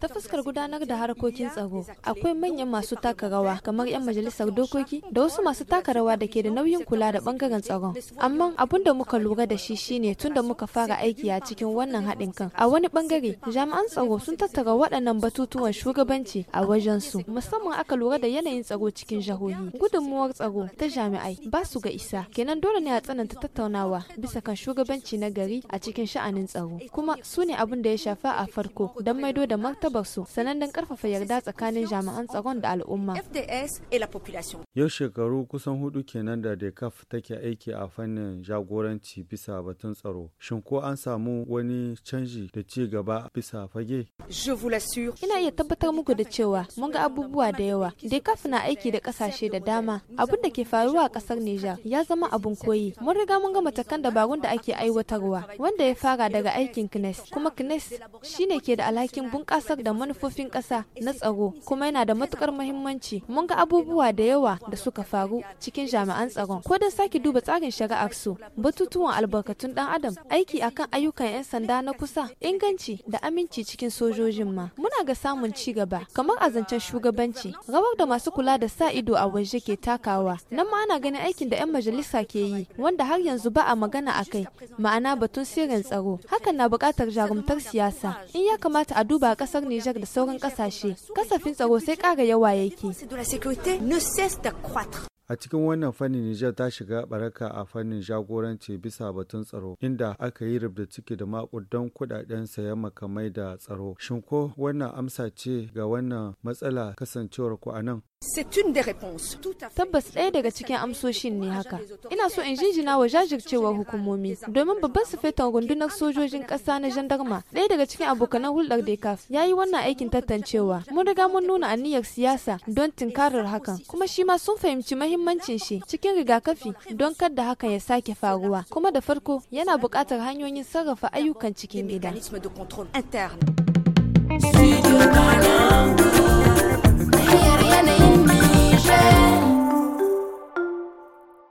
Ta fuskar gudanar da harkokin tsaro, akwai manyan masu taka rawa kamar 'yan majalisar dokoki da wasu masu taka rawa da ke da nauyin kula da bangaren tsaron. Amma abin da muka lura da shi shine tun da muka fara aiki a cikin wannan haɗin kan. A wani bangare, jami'an tsaro sun tattara waɗannan batutuwan shugabanci a wajen su, musamman aka lura da yanayin tsaro cikin jihohi. Gudunmuwar tsaro ta jami'ai ba su ga isa, kenan dole ne a tsananta tattaunawa bisa kan shugabanci na gari a cikin sha'anin tsaro. Kuma su ne abin da ya shafa a farko don maido da martabarsu su sanannen karfafa yarda tsakanin jami'an tsaron da al'umma. Yau shekaru kusan hudu kenan da DECAF take aiki a fannin jagoranci bisa batun tsaro. Shin ko an samu wani canji da ci gaba bisa fage? Ina iya tabbatar muku da cewa mun ga abubuwa da yawa. DECAF na aiki da kasashe da dama. Abin da ke faruwa a kasar Nijar ya zama abin koyi. Mun riga mun ga matakan dabarun da ake aiwatarwa wanda ya fara daga aikin kness kuma kness shine ke da alhakin bunƙasar da manufofin ƙasa na tsaro kuma yana da matukar muhimmanci mun ga abubuwa da yawa da suka faru cikin jami'an tsaron ko da sake duba tsarin shari'ar su batutuwan albarkatun dan adam aiki akan ayyukan 'yan sanda na kusa inganci da aminci cikin sojojin ma muna ga samun ci gaba kamar a zancen shugabanci rawar da masu kula da sa ido a waje ke takawa nan ma ana ganin aikin da 'yan majalisa ke yi wanda har yanzu ba a magana a kai ma'ana batun sirrin tsaro hakan na buƙatar jarumtar siyasa in ya kama kamata a duba kasar Nijar da sauran kasashe kasafin tsaro sai kara yawa yake. A cikin wannan fannin Nijar ta shiga baraka a fannin jagoranci bisa batun tsaro, inda aka yi rubda ciki da makudan kudaden sayan makamai da tsaro. Shin ko wannan amsa ce ga wannan matsala kasancewar ku a nan? Tabbas ɗaya daga cikin amsoshin ne haka. Ina so in jinjina wa jajircewar hukumomi domin babban sufetan rundunar sojojin ƙasa na jandarma ɗaya daga cikin abokanan hulɗar DECAF ya yi wannan aikin tantancewa. Mun riga mun nuna aniyar siyasa don tinkarar hakan kuma shi ma sun fahimci mahimmancin shi cikin rigakafi don kada hakan ya sake faruwa kuma da farko yana buƙatar hanyoyin sarrafa ayyukan cikin gida.